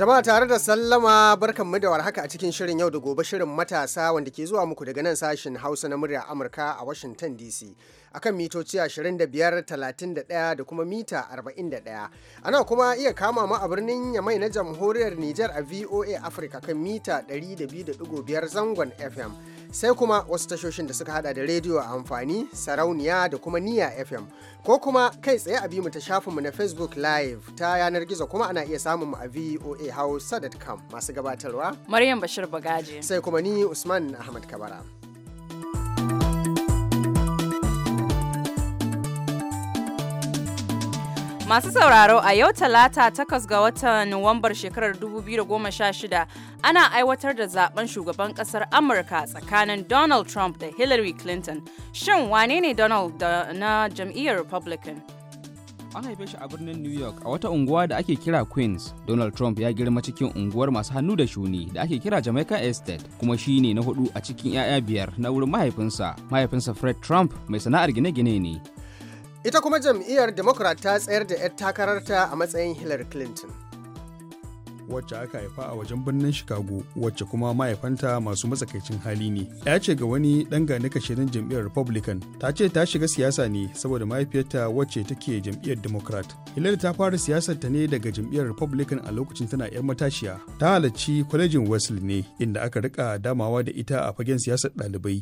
Jama'a tare da sallama barkanmu da warhaka a cikin shirin yau da gobe shirin matasa wanda ke zuwa muku daga nan sashin Hausa na murya Amurka a Washington DC. akan mitoci 25, 31 da kuma mita 41. Ana kuma iya kama mu a birnin Yamai na jamhuriyar niger a VOA Africa kan mita 102.5 zangon FM. sai kuma wasu tashoshin da suka hada da rediyo a amfani sarauniya da kuma niya fm ko kuma kai tsaye a mu ta shafinmu na facebook live ta yanar gizo kuma ana iya samun mu a voa hausa.com masu gabatarwa maryam bashir bagaje sai kuma ni usman ahmad kabara Masu sauraro a yau talata takwas ga watan Nuwambar shekarar 2016 ana aiwatar da zaben shugaban kasar Amurka tsakanin Donald Trump da Hillary Clinton. Shin wane ne Donald da, na jam'iyyar Republican? An haife shi a birnin New York a wata unguwa da ake kira Queens. Donald Trump ya girma cikin unguwar masu hannu da shuni da ake kira Jamaica Estate, kuma shi ne na hudu a cikin 'ya'ya biyar na wurin mahaifinsa. Mahaifinsa Fred Trump mai sana'ar gine-gine ne. ita kuma jam'iyyar democrat ta tsayar da 'yar takararta a matsayin hillary clinton wacce aka haifa a wajen birnin chicago wacce kuma mahaifanta masu matsakaicin hali ne ya ce ga wani dan gane kashirin jam'iyyar republican ta ce ta shiga siyasa ne saboda mahaifiyarta wacce take jam'iyyar democrat hillary ta fara siyasar ta ne daga jam'iyyar republican a lokacin tana yar matashiya ta halarci kwalejin wesley ne inda aka rika damawa da ita a fagen siyasar ɗalibai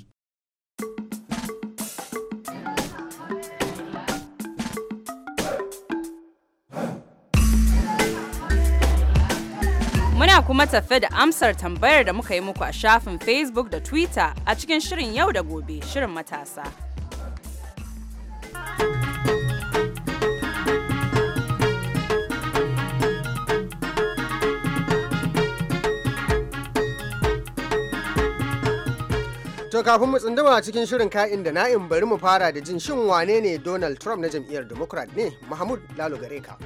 kuma tafe da amsar tambayar da muka yi muku a shafin Facebook da Twitter a cikin shirin yau da gobe shirin matasa. To kafin mu tsunduma cikin shirin ka'in da na'in bari mu fara da jin shin wane ne Donald Trump na jam'iyyar Democrat ne Mahmud Lalo gareka.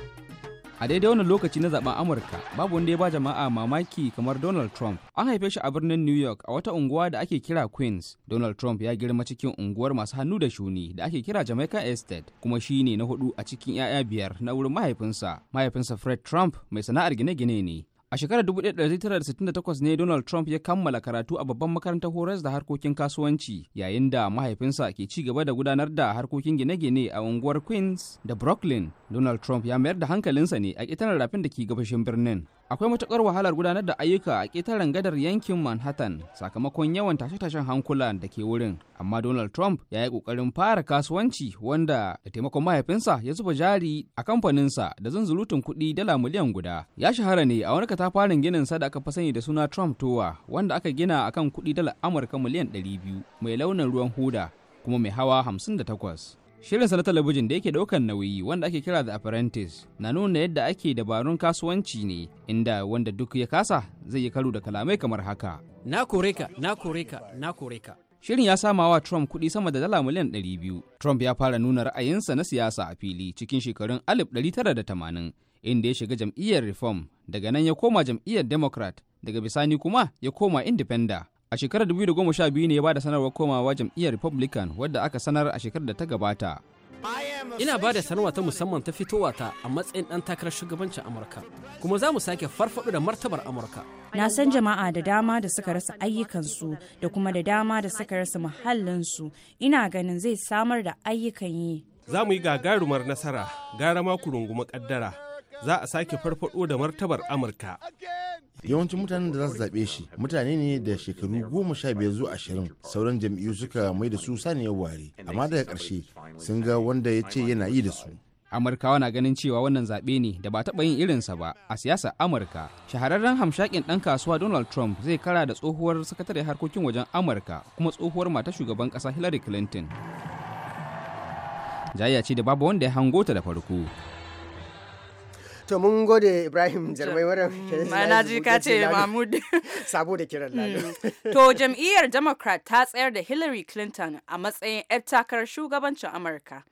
a daidai wani lokaci na zaben amurka babu wanda ya ba jama'a mamaki kamar donald trump an haife shi a birnin new york a wata unguwa da ake kira queens donald trump ya girma cikin unguwar masu hannu da shuni da ake kira jamaica estate kuma shi ne na hudu a cikin 'ya'ya biyar na wurin mahaifinsa mahaifinsa fred trump mai sana'ar gine-gine ne A shekarar 1968 ne Donald Trump ya kammala karatu a babban makarantar horas da harkokin kasuwanci yayin da mahaifinsa ke ci gaba da gudanar da harkokin gine-gine a unguwar Queens da Brooklyn. Donald Trump ya mayar da hankalinsa ne a ƙetaren rafin da ke gabashin birnin. akwai matukar wahalar gudanar da ayyuka a ƙetaren gadar yankin manhattan sakamakon yawan tashe-tashen hankula da ke wurin amma donald trump ya yi ƙoƙarin fara kasuwanci wanda da taimakon mahaifinsa ya zuba jari a kamfaninsa da zunzulutun kuɗi dala miliyan guda ya shahara ne a wani katafarin ginin sa da aka fi sani da suna trump towa wanda aka gina akan kuɗi dala amurka miliyan 200 mai launin ruwan huda kuma mai hawa 58 Shirin sa na talabijin da yake daukan nauyi wanda ake kira The Apprentice na nuna yadda ake dabarun kasuwanci ne inda wanda duk ya kasa zai yi karo da kalamai kamar haka. Na kore ka, na kore ka, na kore ka. Shirin ya sama wa Trump kuɗi sama da dala miliyan biyu. Trump ya fara nuna ra'ayinsa na siyasa a fili cikin shekarun 1980 inda ya shiga jam'iyyar Reform daga nan ya koma jam'iyyar Democrat daga bisani kuma ya koma Independent. A shekarar 2012 ne ya bada sanarwar komawa jam'iyyar Republican wadda aka sanar a shekarar da ta gabata. Ina ba da sanarwa ta musamman ta fitowa ta a matsayin ɗan takarar shugabancin Amurka, kuma za mu sake farfaɗo da martabar Amurka. Na san jama'a da dama da suka rasa ayyukansu da kuma da dama da suka rasa muhallinsu, ina ganin zai samar da ayyukan yi. Za mu yi gagarumar nasara, gara ma ku rungumi kaddara za a sake farfaɗo da martabar Amurka. yawancin mutanen da za su zaɓe shi mutane ne da shekaru goma sha biyar zuwa ashirin sauran jam'iyyu suka mai da su saniyar ware amma daga ƙarshe sun ga wanda ya ce yana yi da su amurkawa na ganin cewa wannan zaɓe ne da ba taɓa yin irinsa ba a siyasar amurka shahararren hamshakin ɗan kasuwa donald trump zai kara da tsohuwar sakatare harkokin wajen amurka kuma tsohuwar mata shugaban ƙasa hillary clinton jayya ce da babu wanda ya hango ta da farko to mun gode ibrahim jarmai wadda mm, na ji ka ce mahmud sabo da kiran lalo mm. to jam'iyyar democrat ta tsayar da hillary clinton a matsayin 'yar takarar shugabancin amurka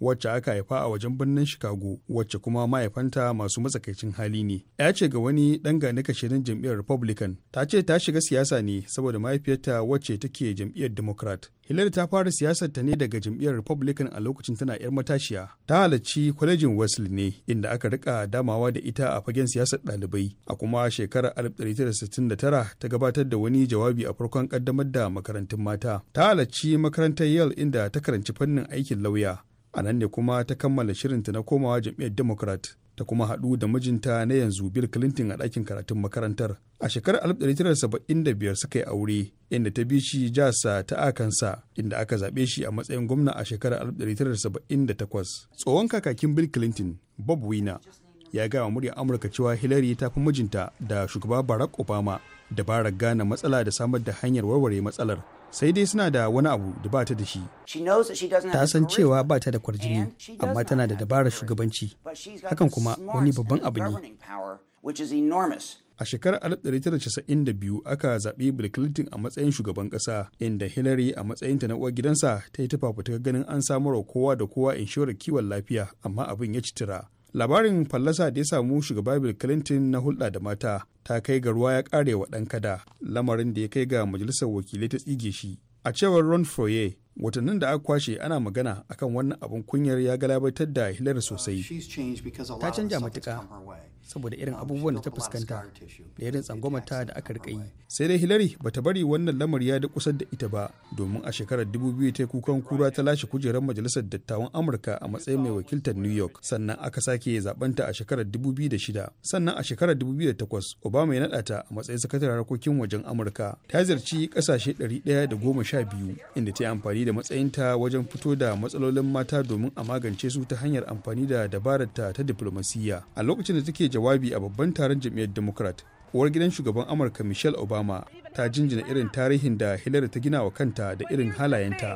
wacce aka haifa a wajen birnin Chicago wacce kuma mahaifanta masu matsakaicin hali ne. Ya ce ga wani ɗan gane kashirin jam'iyyar Republican ta ce ta shiga siyasa ne saboda mahaifiyarta wacce take jam'iyyar Democrat. Hillary ta fara siyasar ta ne daga jam'iyyar Republican a lokacin tana 'yar matashiya. Ta halarci kwalejin Wesley ne inda aka rika damawa da ita a fagen siyasar ɗalibai. A kuma shekarar 1969 ta gabatar da wani jawabi a farkon kaddamar da makarantun mata. Ta halarci makarantar Yale inda ta karanci fannin aikin lauya. a nan ne kuma ta kammala shirinta na komawa jam'iyyar democrat ta kuma haɗu da mijinta na yanzu bill clinton a ɗakin karatun makarantar a shekarar 1975 suka yi aure inda ta bi shi jasa ta akansa inda aka zaɓe shi a matsayin gwamna a shekarar 1978 tsohon kakakin bill clinton bob wina ya gaya wa muryar amurka cewa hillary ta fi mijinta da shugaba barack obama dabarar gane matsala da samar da hanyar warware matsalar sai dai suna da wani abu da ba ta da shi. Ta san cewa ba ta da kwarjini, amma tana da dabarar shugabanci, hakan kuma wani babban abu ne. A shekarar 1992 aka zaɓi Bill Clinton a matsayin shugaban ƙasa, inda Hillary a matsayinta na uwar gidansa ta yi ta ganin an samarwa kowa da kowa inshorar kiwon lafiya, amma abin ya citira. labarin fallasa da ya samu shugaba bill clinton na hulɗa da mata ta kai ga ruwa ya ƙare wa ɗan kada lamarin da ya kai ga majalisar wakilai ta tsige shi a cewar ron foye watannin da aka kwashe ana magana akan wannan abin kunyar ya galabaitar da hilar sosai ta canja matuka saboda irin abubuwan da ta fuskanta da irin tsangwamata da aka rika yi sai dai hillary ta bari wannan lamari ya da kusa da ita ba domin a shekarar 2000 ta kukan kura ta lashe kujerar majalisar dattawan amurka a matsayin mai wakiltar new york sannan aka sake zabanta a shekarar 2006 sannan a shekarar 2008 obama ya naɗa ta a matsayin sakataren harkokin wajen amurka ta ziyarci kasashe 112 inda ta yi amfani da matsayin ta wajen fito da matsalolin mata domin a magance su ta hanyar amfani da dabarar ta diplomasiyya a lokacin da take jawabi a babban taron jam'iyyar democrat uwar gidan shugaban amurka michelle obama ta jinjina irin tarihin da hillary ta gina wa kanta da irin halayenta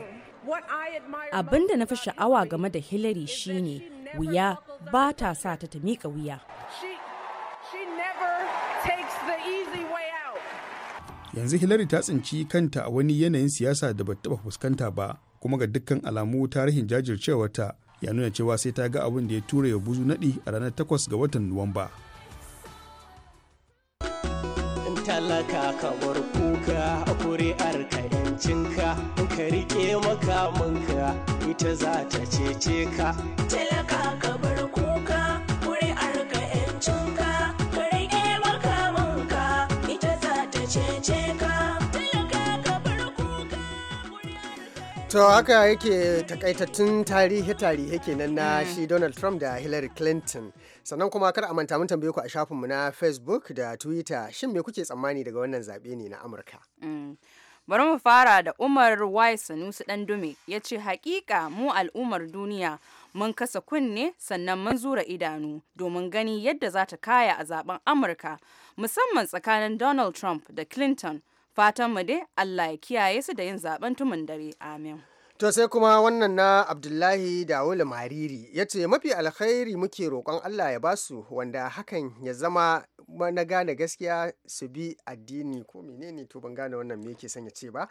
abin da na fi sha'awa game da hillary shine wuya ba ta sa ta ta miƙa wuya yanzu hillary ta tsinci kanta a wani yanayin siyasa da ba taba fuskanta ba kuma ga dukkan alamu tarihin jajircewarta ya nuna cewa sai ta ga abin da ya tura ya buzu naɗi a ranar 8 ga watan nuwamba talaka ka bar kuka a kuri'ar ka yancinka in ka rike makamanka ita za ta cece ka talaka ka bar To haka yake takaitattun tarihe-tarihe kenan na mm. shi Donald Trump da Hillary Clinton. Sannan kuma kar a manta mun tambaye ku a shafinmu na Facebook da Twitter shin me kuke tsammani daga wannan zaɓe ne na Amurka? Mm. Bari mu fara da Umar Y. Sanusi ɗan dume ya ce hakika mu al'ummar duniya mun kasa kunne sannan mun zura idanu domin gani yadda za ta kaya a zaben Amurka musamman tsakanin Donald Trump da Clinton Fatan mu dai Allah ya kiyaye su da yin zaben tumun dare. Amin. To sai kuma wannan na Abdullahi Dawulu Mariri ya ce mafi alkhairi muke roƙon Allah ya basu wanda hakan ya zama na gane gaskiya su bi addini ko menene to ban gane wannan me yake son ce ba.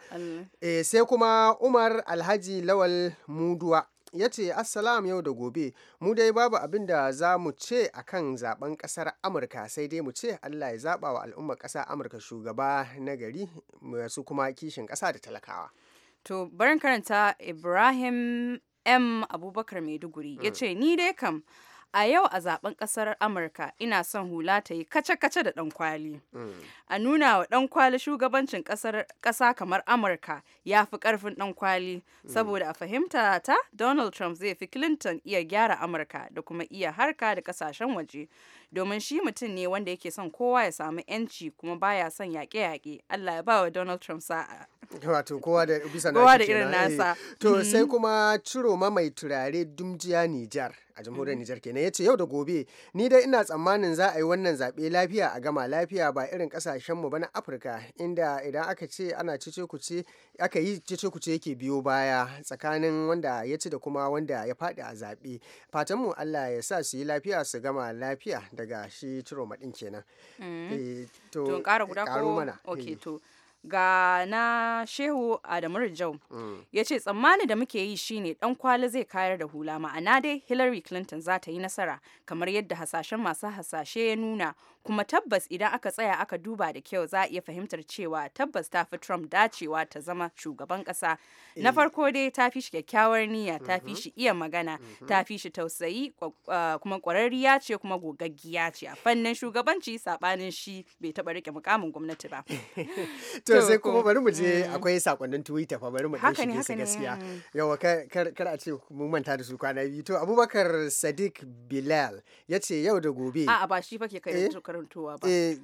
Eh, sai kuma Umar Alhaji Lawal Muduwa ya ce assalam yau da gobe mu dai babu abin da za mu ce a kan zaben kasar amurka sai dai mu ce allah ya zaba wa al'ummar kasar amurka shugaba na gari masu kuma kishin kasa da talakawa to barin karanta ibrahim m abubakar maiduguri ya mm. ce ni dai kam a yau a zaben kasar amurka ina son hula ta yi kace-kace da ɗankwali mm. a nuna wa ɗankwali shugabancin kasa kamar amurka ya fi ƙarfin ɗankwali mm. saboda a fahimta ta donald trump zai fi clinton iya gyara amurka da kuma iya harka da kasashen waje domin shi mutum ne wanda yake son kowa ya samu yanci kuma baya son yaƙe-yaƙe allah ya ba wa donald trump sa'a wato kowa da irin eh. nasa to sai mm. kuma ciro ma mai turare dumjiya nijar a mm-hmm. jamhuriyar Nijar kenan yace yau da gobe ni dai ina tsammanin za a yi wannan zaɓe lafiya a gama lafiya ba irin mu ba na Afirka inda idan aka ce ana cece ce aka yi cece ce yake biyo baya tsakanin wanda ya ci da kuma wanda ya faɗi a zaɓe fatanmu Allah ya sa su yi lafiya su gama lafiya daga shi ciro maɗin kenan. Mm-hmm. Eh, to, ƙara guda eh, ko? mana. Eh. ga na shehu adamu rijau mm. ya ce tsammani da muke yi shine dan kwali zai kayar da hula ma'ana dai hillary clinton za ta yi nasara kamar yadda hasashen masu hasashe ya nuna kuma tabbas idan aka tsaya aka duba da kyau za a iya fahimtar cewa tabbas ta fi trump dacewa ta zama shugaban kasa na eh. farko dai ta fi shi kyakkyawar niyya ta fi mm-hmm. shi iya magana mm-hmm. ta fi shi tausayi kuma kwararriya ce kuma gogaggiya ce a fannin shugabanci saɓanin shi bai taɓa rike mukamin gwamnati ba to sai kuma bari mu je mm. akwai sakonnin twitter fa bari mu dan shige su gaskiya yawa kar a ce mun manta da su kwana biyu to abubakar sadiq bilal ya ce yau da gobe a ba shi fa ke kai eh? karantowa ba eh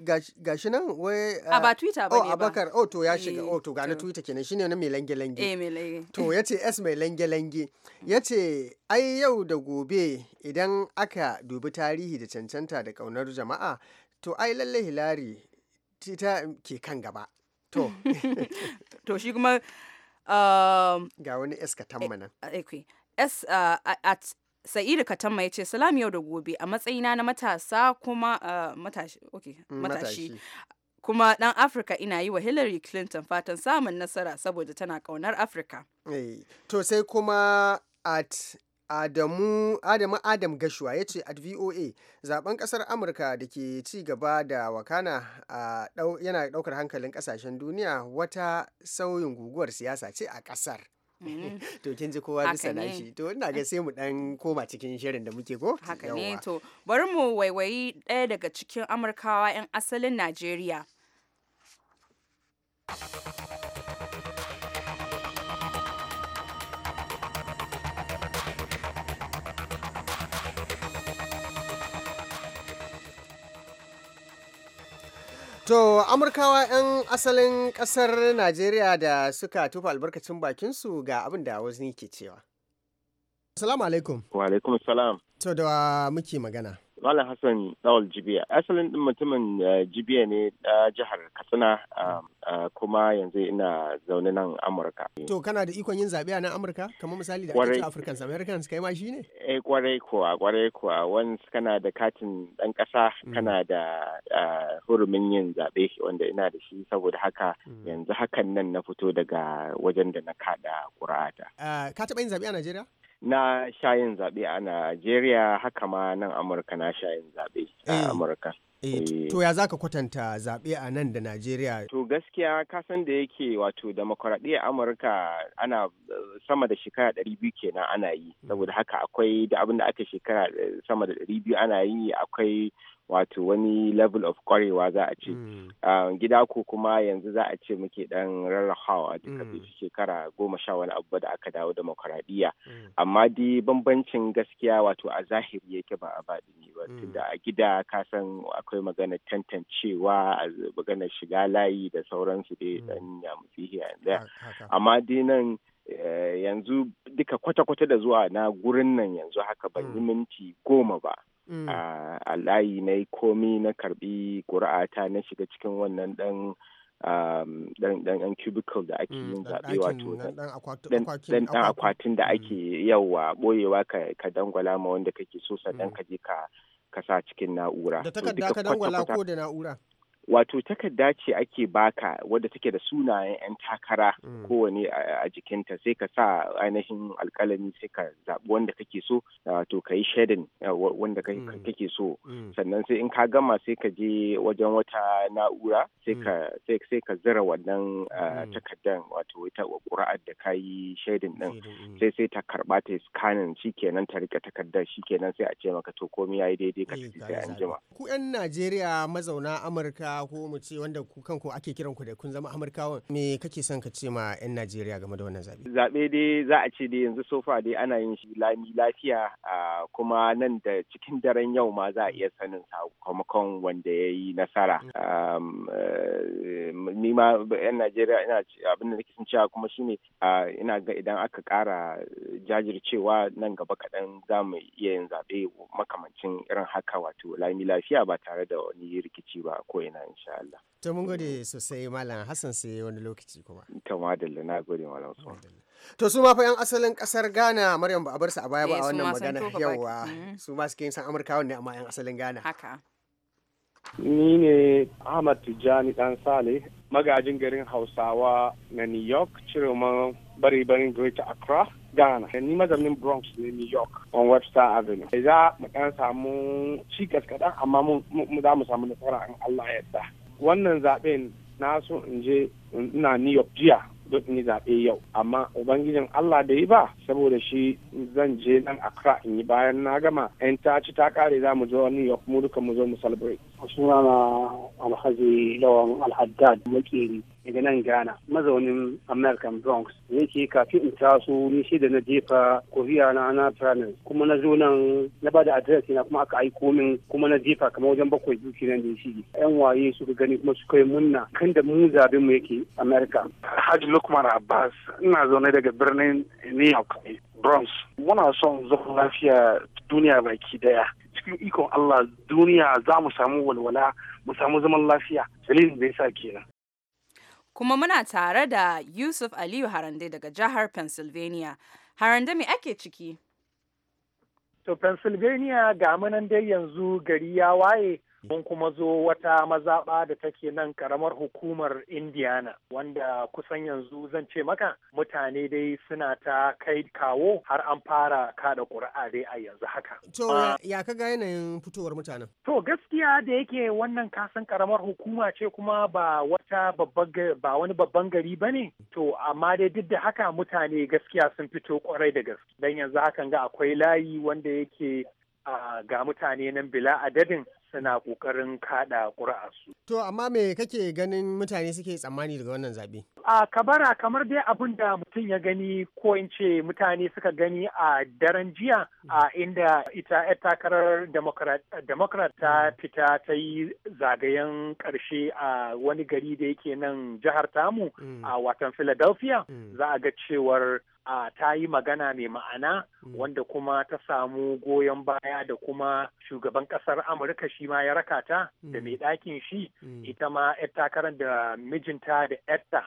gashi nan wai a ba ah, twitter ba oh, ne ba abubakar oh to ya eh, shiga oh to ga na twitter kenan shine na mai lange lange eh mai lange to ya ce s mai lange lange ya ce ai yau da gobe idan aka dubi tarihi da cancanta da kaunar jama'a to ai lallai hilari ta ke kan gaba to to shi kuma um, ga wani s katamma nan eh, eh, s uh, at sa'idu katamma ya ce salam yau da gobe a matsayina na matasa kuma uh, mm, matashi kuma dan afirka ina yi wa hillary clinton fatan samun nasara saboda tana kaunar afirka eh, to sai kuma at Adamu Adamu Adam gashua ya ce at VOA zaben kasar Amurka da ke ci gaba da wakana yana daukar hankalin kasashen duniya wata sauyin guguwar siyasa ce a kasar. Mm. to kin ji kowa bisa nashi to ina ga sai mu dan koma cikin shirin da muke ko haka ne to bari mu waiwayi ɗaya daga cikin amurkawa 'yan asalin najeriya To Amurkawa 'yan asalin ƙasar Najeriya da suka tufa albarkacin bakinsu ga abin da wasu ke cewa. Salamu alaikum. Wa alaikum salam. To da muke magana. Malam Hassan Dawal Jibiya. Asalin ɗin mutumin eh, Jibiya ne da eh, jihar Katsina um, eh, kuma yanzu ina zaune nan Amurka. To kana da ikon yin zaɓe a nan Amurka kamar misali da ake Africans Americans kai ma shi ne? Eh kwarai kuwa kwarai kuwa wani kana da katin ɗan ƙasa mm. kana da hurumin yin zaɓe wanda ina da shi saboda haka mm. yanzu hakan nan na fito daga wajen da na kaɗa ƙura'ata. Ah, ka taɓa yin zaɓe a Najeriya? na shayin zaɓe a Najeriya haka ma nan Amurka na shayin zaɓe a eh. Amurka. Eh, eh. To ya zaka kwatanta zaɓe a nan da Najeriya? To gaskiya kasan da yake wato demokuraɗiyyar Amurka ana sama da shekara ɗari biyu kenan ana yi. Mm. Saboda haka akwai da abin da aka shekara sama da ɗari biyu ana yi akwai wato wani level of kwarewa za a ce hmm. gida ko kuma yanzu za a ce muke dan rarrahawa duka bai hmm. shekara goma sha wani abu da aka dawo demokuraɗiyya hmm. amma di bambancin gaskiya wato a zahiri yake ba a ne ba tunda a gida ka san akwai magana tantancewa a magana shiga layi da sauransu dai dan ya yanzu amma di nan eh, yanzu duka kwata-kwata da zuwa na gurin nan yanzu haka ban yi minti goma ba Mm. a layi na yi komi na karbi ƙura'ata na shiga cikin wannan dan dan um, cubicle da ake mm, yin zaɓe wato dan akwatin da mm. ake yawa ɓoyewa ka dangwala ma wanda kake so sannan ka je ka sa cikin na'ura. Da takarda ka dangwala ko da na'ura? wato takarda ce ake baka wadda take da sunayen 'yan takara hmm. kowane a jikinta sai ka sa ainihin alkalami sai ka zaɓi wanda kake so to ka yi shedin wanda hmm. kake so hmm. sannan sai in ka gama sai ka je wajen wata na'ura sai ka zira wannan takardar wato wata ƙura'ar da ka yi shedin ɗin sai sai ta karɓa ta scanning shikenan ta rika takardar shikenan sai a ce maka to komai yayi daidai ka eh, tafi sai an jima ku 'yan Najeriya mazauna Amurka ko mu ce wanda ku kanku ake kiran ku da kun zama amurkawan me kake son ka ce ma 'yan najeriya game da wannan zabe zabe dai za a ce dai yanzu sofa dai ana yin shi lami lafiya kuma nan da cikin daren yau ma za a iya sanin sakamakon wanda ya yi nasara mm. e, ni ma 'yan najeriya ina abin da nake son cewa kuma shine ina ga idan aka kara jajircewa nan gaba kaɗan za mu iya yin zaɓe makamancin irin haka wato lami lafiya ba tare da wani rikici ba ko ina insha Allah to mun gode sosai malam Hassan sai wani lokaci kuma to madalla na gode malam su to su ma fa yan asalin kasar Ghana Maryam ba a bar su a baya ba a eh, wannan magana yawa mm. su ma suke yin san Amurkawa ne amma yan asalin Ghana haka Ni ne Ahmad Tijjani Dan Sale, magajin garin Hausawa na New York, cireman bari-barin Greater Accra, Ghana. Ni mazamin Bronx ne New York on Webster Avenue. Za mu ɗan samu cikas kaɗan amma mu za mu samu nasara an Allah yadda. Wannan zaɓen na so in je ina New York jiya duk ni zaɓe yau amma ubangijin Allah da yi ba saboda shi zan je nan Accra in yi bayan na gama yan taci ta kare za mu zo New York mu duka mu zo mu celebrate sunana Alhaji Lawan Alhaddad Makeri daga nan Ghana mazaunin American Bronx yake kafin in taso ni shi da na jefa Korea na na Travel kuma na zo nan na bada address na kuma aka aiko min kuma na jefa kamar wajen bakwai duki nan da shi yan waye suka gani kuma suka yi munna kan da mu zabe mu yake America Haji Lukman Abbas ina zaune daga birnin New York Bronx muna son zaman lafiya duniya baki daya cikin ikon Allah duniya za mu samu walwala mu samu zaman lafiya dalilin da sa kenan kuma muna tare da Yusuf Aliyu Harande daga jihar Pennsylvania. Harande me ake ciki? To Pennsylvania ga munan dai yanzu gari ya waye mun kuma zo wata mazaɓa da take nan karamar hukumar indiana wanda kusan yanzu zan ce maka mutane dai suna ta kai kawo har an fara kada ƙuri'a dai a yanzu haka to ah, ya ka ga yanayin fitowar mutanen to gaskiya da yake wannan kasan karamar hukuma ce kuma ba wata ba wani babban gari ba ne to amma dai duk da haka mutane gaskiya sun fito kwarai da gaske dan yanzu hakan ga akwai layi wanda yake ah, ga mutane nan bila adadin suna ƙoƙarin kaɗa ƙuri'arsu. To amma me kake ganin mutane suke tsammani daga wannan zaɓe? A kabara kamar dai abin da mutum ya gani ko in ce mutane suka gani a daren jiya a inda ita 'yar takarar Democrat ta hmm. fita ta yi zagayen ƙarshe a wani gari da yake nan jihar tamu hmm. a watan Philadelphia hmm. za a ga cewar uh, ta yi magana mai ma'ana hmm. wanda kuma ta samu goyon baya da kuma shugaban kasar amurka shi ma ya raka ta hmm. da mai ɗakin shi hmm. ita ma 'yar takarar da mijinta da 'yarta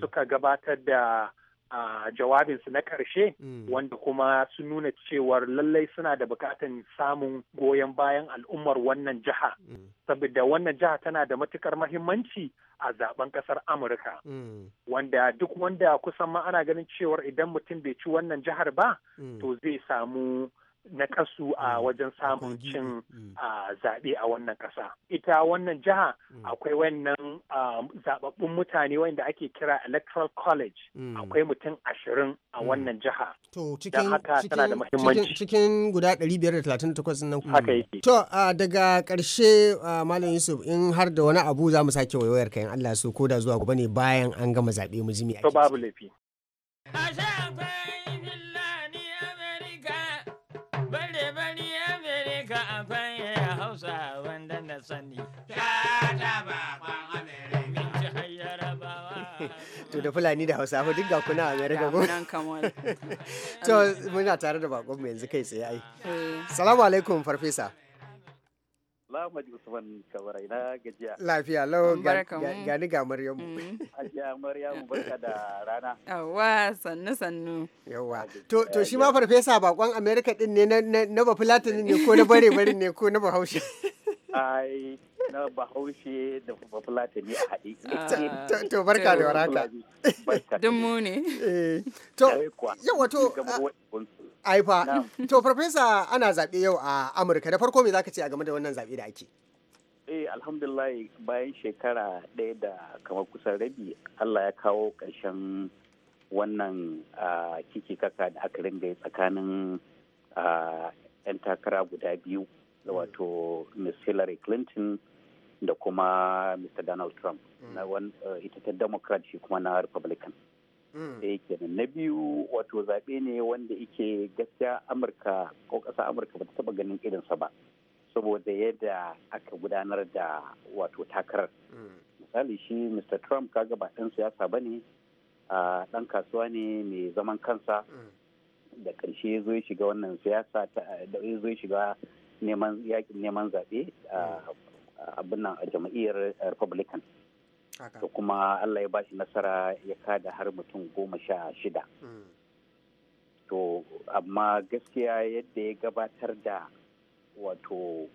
suka gabatar da a jawabinsu na ƙarshe mm. wanda kuma sun nuna cewar lallai suna da bukatan samun goyon bayan al'ummar wannan jiha mm. saboda wannan jiha tana da matukar mahimmanci a zaben ƙasar amurka mm. wanda duk wanda kusan ma ana ganin cewar idan mutum bai ci wannan jihar ba to zai samu na kasu a mm. wajen samun cin mm. zaɓe a wannan ƙasa. Ita wannan jiha mm. akwai wannan zaɓaɓɓun mutane wanda ake kira electoral college akwai mutum ashirin a wannan jiha. To cikin guda 538 nan haka yake. To daga ƙarshe Malam Yusuf in har da wani abu za mu sake wayoyar kayan Allah so ko da zuwa gobe ne bayan an gama zaɓe mu jimi. To babu laifi. da fulani da hausa duk ga kuna america ko to muna tare da bakon mu yanzu kai tsaye ai eh. salamu alaikum farfesa Lamadi Usman Kabarai na gajiya. Lafiya lau gani ga Maryamu. Mm. Ajiya Maryamu barka da rana. Yawwa sannu sannu. Yawwa. To shi ma farfesa bakon Amerika din ne na ba Bafulatani ne ko na bare bare ne ko na Bahaushe. ai na bahaushe da fulata ne a haɗe. Ah. To barka da waraka. Don mu eh, To yau wato, aifa. to farfesa ana zaɓe yau a Amurka da farko me zaka ce a game da wannan zaɓe da ake? Eh alhamdulillah bayan shekara ɗaya da kamar kusan rabi Allah ya kawo ƙarshen wannan kiki kaka da aka ringa tsakanin 'yan takara guda biyu wato Ms. Hillary Clinton da kuma Mr. Donald Trump na mm. eh, ita ta Democrat shi kuma na Republican. Mm. ɗaya nan na biyu wato zaɓe ne wanda ike gaskiya amurka ko ƙasa amurka ba ta taɓa ganin irinsa ba saboda yadda aka gudanar da wato takarar mm. misali shi mr trump kaga ba ɗan siyasa ba ne ɗan kasuwa ne mai zaman kansa da ƙarshe ya zo shiga wannan siyasa eh, da ya zo shiga neman yakin neman zaɓe abin nan a jam'iyyar republican to kuma allah ya bashi nasara ya kada har mutum goma sha shida mm. to amma gaskiya yadda ya gabatar da wato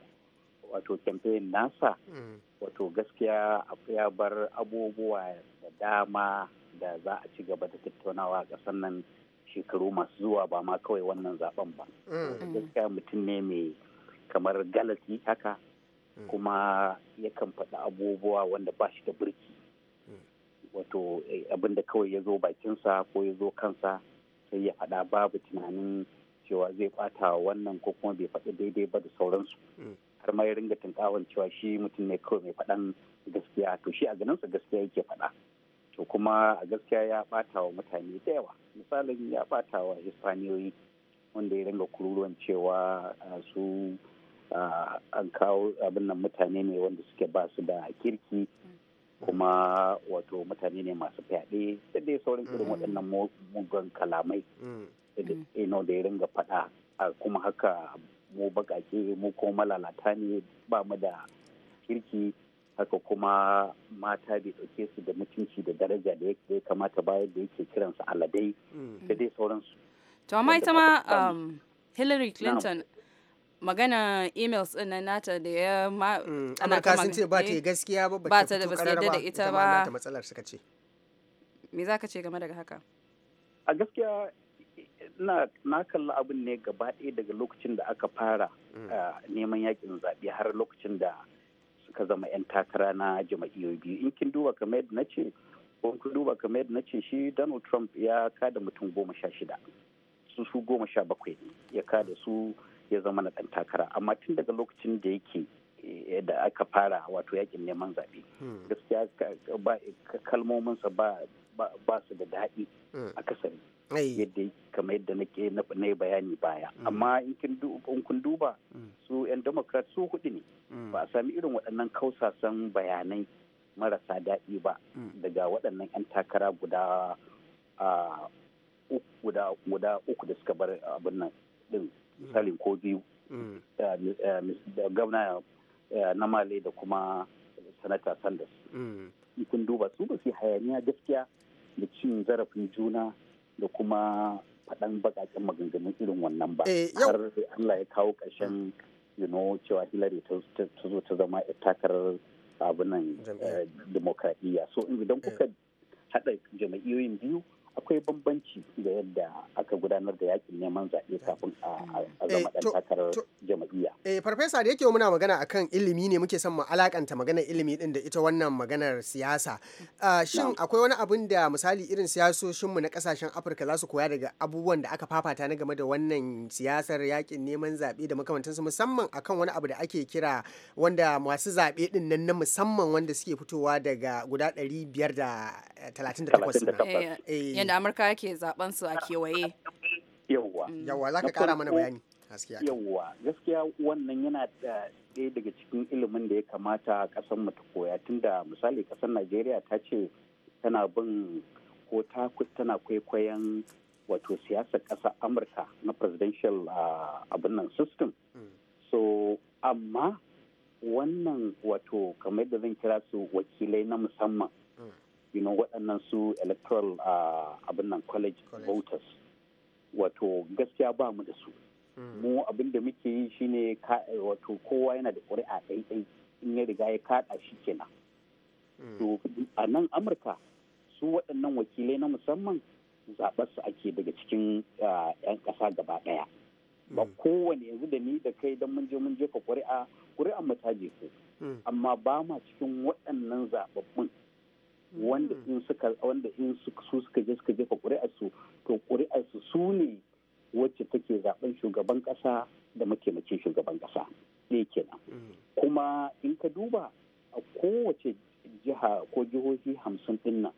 wato campaign nasa mm. wato gaskiya ya bar abubuwa da dama da za a ci gaba da tattaunawa a sannan shekaru masu zuwa ba ma kawai wannan zaben ba mm. gaskiya mutum ne mai kamar galati haka hmm. kuma yakan faɗi abubuwa wanda ba shi da birki hmm. wato eh, abinda kawai ya zo bakinsa ko ya zo kansa sai ya faɗa babu tunanin cewa zai ɓata wannan ko kuma bai faɗi daidai ba da sauransu hmm. har ma ya ringa tunkawan cewa shi mutum ne kawai mai faɗan gaskiya to shi a ganin sa gaskiya yake faɗa to kuma a gaskiya ya ɓata wa mutane da yawa misalin ya ɓata wa hispaniyoyi wanda ya ringa kururuwan cewa ah, su an kawo abin nan mutane ne wanda suke ba su da kirki kuma wato mutane ne masu fyaɗe da dai saurin irin mm. waɗannan mugan kalamai mm. mm. da ya ringa faɗa kuma haka mu baƙaƙe mu ko malalata ne ba mu da kirki haka kuma mata bai ɗauke su da mutunci da daraja da ya kamata bayan da yake kiransu aladai da dai sauransu. To amma ita ma um, Hillary Clinton magana emails din nan nata da ya ma mm, amurka sun ce ba ta yi eh, gaskiya ba ba ta da basu da ita ba ta matsalar suka ce me zaka ce game daga haka a gaskiya na na kalla abin ne gaba ɗaya daga lokacin da aka fara mm. eh, neman yakin zaɓe har lokacin da suka zama 'yan takara na jama'iyyar biyu in kin duba kamar yadda na ce ko kun duba kamar yadda na ce shi donald trump ya kada mutum goma sha shida su su goma sha bakwai ya kada su ya zama na ɗan takara amma tun daga lokacin da yake eh, da aka fara wato yakin neman zaɓe hmm. gaskiya kalmominsa ba su da daɗi hmm. kasar yadda kamar yadda nake na yi bayani baya hmm. amma in kun duba su 'yan democrat su hudu ne ba a sami irin waɗannan kausasan bayanai marasa daɗi ba daga waɗannan 'yan takara ah, guda uku da suka bar abin nan misali ko biyu mm. eh, eh, gwamna eh, na male da kuma sanata sanders mm. kun duba su ba su hayaniya gaskiya da cin zarafin juna da kuma faɗan baƙaƙen maganganun irin wannan ba har allah ya kawo ƙarshen yano cewa hillary ta zo ta zama takarar abunan demokradiyya so idan kuka haɗa jama'iyoyin biyu akwai bambanci da yadda aka gudanar da yakin neman zaɓe kafin a eh, zama ɗan takarar jam'iyya. Eh farfesa da yake muna magana akan ilimi ne muke son mu alakanta maganar ilimi din da ita wannan maganar siyasa. Ah, shin akwai wani abin da misali irin siyasoshin mu na kasashen Afirka za su koya daga abubuwan da aka fafata na game da wannan siyasar yakin neman zaɓe da makamantansu musamman akan wani abu da ake kira wanda masu zaɓe din nan na musamman wanda suke fitowa daga guda ɗari biyar da eh, talatin da takwas. da Amurka yake zaben su a kewaye. Yawwa. Mm. Yawwa za ka kara mana bayani. Yawwa gaskiya wannan yana da ɗaya daga cikin ilimin da ya kamata ƙasar mu ta koya tunda misali ƙasar Najeriya ta ce tana bin ko ta tana kwaikwayon wato siyasar ƙasar Amurka na presidential ah, abin nan system. Mm. So amma wannan wato kamar da zan kira su wakilai na musamman mm. you know, waɗannan su electoral uh, abin nan college, college voters wato gaskiya ba mu da su hmm. mu abin da muke yi shine wato kowa yana da ƙuri'a ɗaiɗai in ya riga ya kaɗa shi kenan hmm. to a nan amurka su waɗannan wakilai na musamman zaɓarsu ake daga cikin 'yan uh, ƙasa gaba ɗaya hmm. ba kowane yanzu da ni da kai don munje je mun jefa ƙuri'a ƙuri'an mu ta jefu amma ba ma cikin waɗannan zaɓaɓɓun wanda hmm. in suka wanda in su suka je suka jefa ƙuri'arsu to ƙuri'arsu su ne wacce take zaben shugaban ƙasa da mataimakin shugaban ƙasa ɗaya kenan hmm. kuma in ka duba a kowace jiha ko jihohi hamsin ɗin nan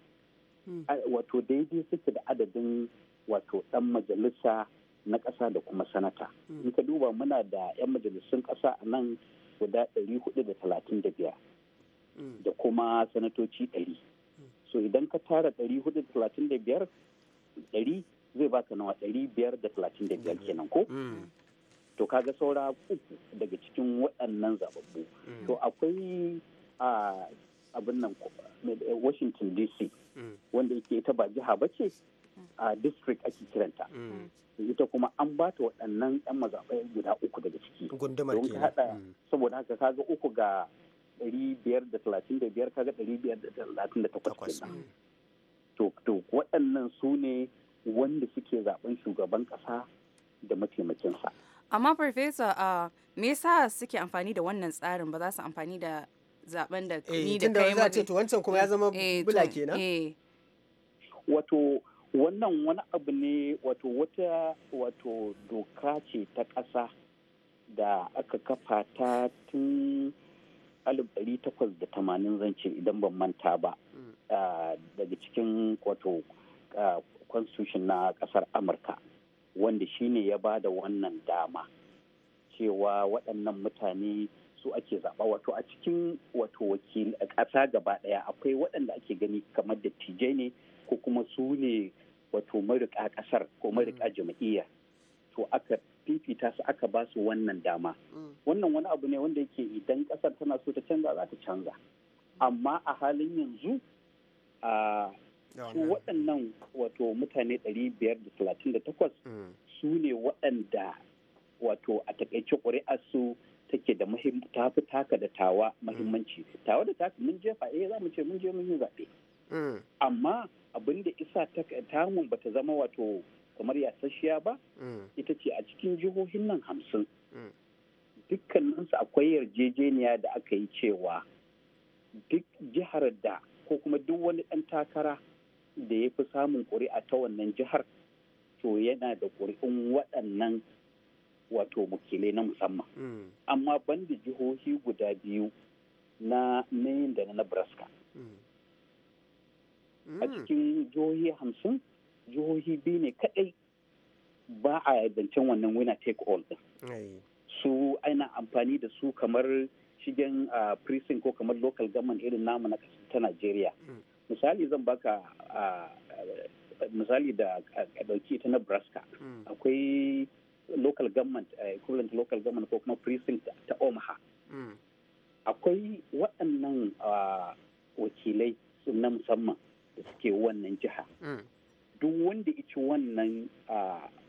hmm. wato daidai suke da adadin wato ɗan majalisa na ƙasa da kuma sanata in ka duba muna da 'yan majalisun ƙasa a nan guda 435 da kuma sanatoci 100 so idan ka tara ɗari hudu talatin da zai baka nawa ɗari biyar da talatin biyar kenan ko mm. to kaga saura uku daga cikin waɗannan zababbu mm. to akwai a abin nan washington dc mm. wanda yake ita ba jiha ba ce a district ake kiranta ita kuma an ba ta waɗannan 'yan mazaɓai guda uku daga ciki gundumar saboda haka kaga uku ga kaga to to waɗannan su ne wanda suke zaben shugaban ƙasa da mataimakinsa amma farfesa uh, me yasa suke amfani da wannan tsarin ba za su amfani da zaben da eh, ni da kai za ce to wancan kuma ya zama eh, bula kenan eh. wato wannan wani abu ne wato wata wato doka ce ta ƙasa da aka kafa ta tun alif ɗari takwas da tamanin zance idan ban manta ba mm. ah, daga cikin wato ah, constitution na ƙasar amurka wanda shine ya ba da wannan dama cewa waɗannan mutane su ake zaɓa wato a cikin wato wakil ƙasa gaba ɗaya akwai waɗanda ake gani kamar dattijai ne ko kuma su ne wato mariƙa ƙasar ko mariƙa mm. jam'iyyar to aka fifita su aka ba su wannan dama mm. wannan wani abu ne wanda yake idan kasar tana so ta canza za ta canza amma a halin yanzu a su waɗannan wato mutane 538 mm. su ne waɗanda wato a takaice ƙuri'ar su take da ta fi taka da tawa mahimmanci mm. tawa da taka mun jefa eh za mu ce mun je mun yi zaɓe amma abin da isa ta tamun bata zama wato kamar yasasshiya ba ita ce a cikin jihohin nan hamsin dukkaninsu akwai yarjejeniya da aka yi cewa duk jihar da ko kuma duk wani ɗan takara da ya fi samun ƙuri'a ta wannan jihar to yana da ƙuri'un waɗannan wato mukile na musamman amma banda jihohi guda biyu na nayin da na nebraska a mm. cikin jihohi hamsin jihohi biyu ne kadai ba a zancen wannan winner take all din su aina amfani da su kamar shigen prison ko kamar local government irin namu na kasar ta nigeria mm. misali zan baka misali da dauki ta Nebraska mm. akwai local government equivalent local government ko kuma precinct ta Omaha akwai waɗannan wakilai na musamman ke wannan jiha mm. duk wanda ci wannan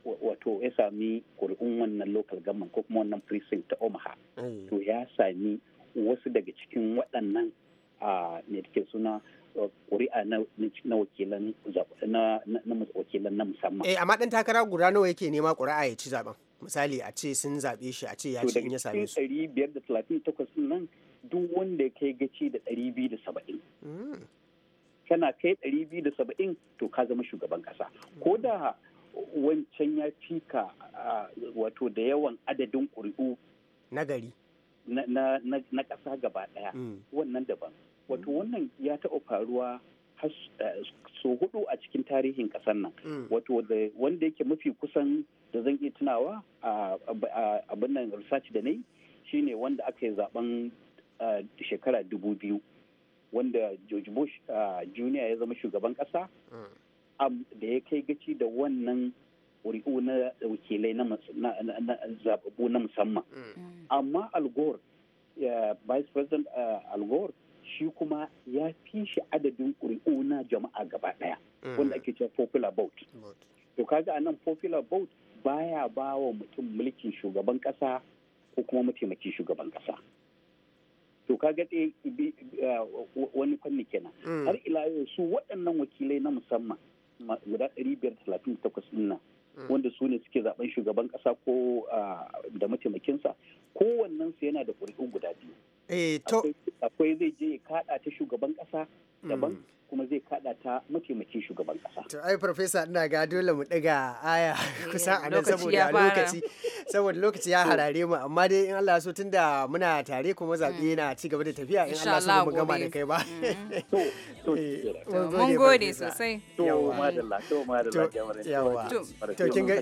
wato ya sami kuri'un wannan local government ko kuma wannan precinct ta omaha mm. to ya sami wasu daga cikin waɗannan ne da suna kuri'a uh, na wakilan na musamman. Eh, amma ɗan takara guda nawa yake nema kuri'a ya ci zaɓen Misali a ce sun zaɓe shi a ce ya ci in ya same su. Daga cikin ɗari biyar da talatin takwas nan duk wanda ya kai gaci da ɗari biyu da saba'in. Mm. tana kai ɗari biyu da saba'in to ka zama shugaban ƙasa ko da wancan ya fi wato da yawan adadin ƙuri'u na gari na ƙasa gaba ɗaya mm. wannan daban mm. wato wannan ya taɓa faruwa so hudu a cikin tarihin ƙasar nan mm. wato wanda yake mafi kusan da zan iya tunawa abin nan research da na yi shine wanda aka yi zaben shekara dubu biyu wanda George Bush jr ya zama shugaban ƙasa da ya kai gaci da wannan ƙuri'u na wakilai na zaɓaɓɓu na musamman. Amma Al Gore, Vice President Al Gore shi kuma ya fi shi adadin ƙuri'u na jama'a gaba ɗaya wanda ake cewa popular vote. To kaga a nan popular vote baya ba wa mutum mulkin shugaban ƙasa ko kuma mataimakin shugaban ƙasa. to ka ga wani fanni kenan mm. har ila yau su waɗannan wakilai na musamman guda 538 ɗin mm. wanda su ne suke zaben shugaban ƙasa ko da mataimakinsa kowannensu yana da ƙuri'u guda biyu eh, akwai zai je ya kaɗa ta shugaban ƙasa daban mm. kuma zai kada ta mataimakin shugaban kasa. To ai farfesa ina ga dole mu daga aya eh, kusa a nan saboda lokaci saboda lokaci ya harare mu amma dai in Allah so tunda muna tare kuma zabi mm. na ci gaba da tafiya in Allah so mu gama da kai ba. Mm. Eh, mun gode sosai. To madalla to madalla to kin ga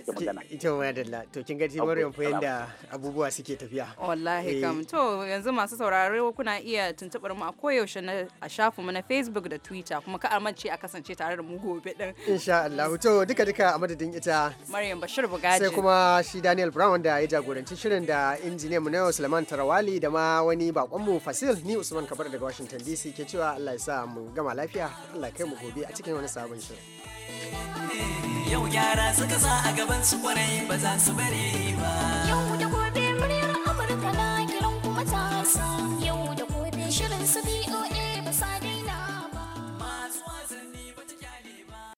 to madalla to kin ga Maryam fa yanda abubuwa suke tafiya. Wallahi kam eh. to yanzu masu sauraro kuna iya tuntubar mu a koyaushe a shafinmu na Facebook facebook da twitter kuma ka amince a kasance tare da mu gobe din insha Allah to duka duka a madadin ita Maryam Bashir Bugaji sai kuma shi Daniel Brown wanda ya jagoranci shirin da injiniyan mu na Sulaiman Tarawali da ma wani bakon mu Fasil ni Usman Kabar daga Washington DC ke cewa Allah ya sa mu gama lafiya Allah kai mu gobe a cikin wani sabon shirin Yau gyara suka sa a gaban su kwarai ba za su bari ba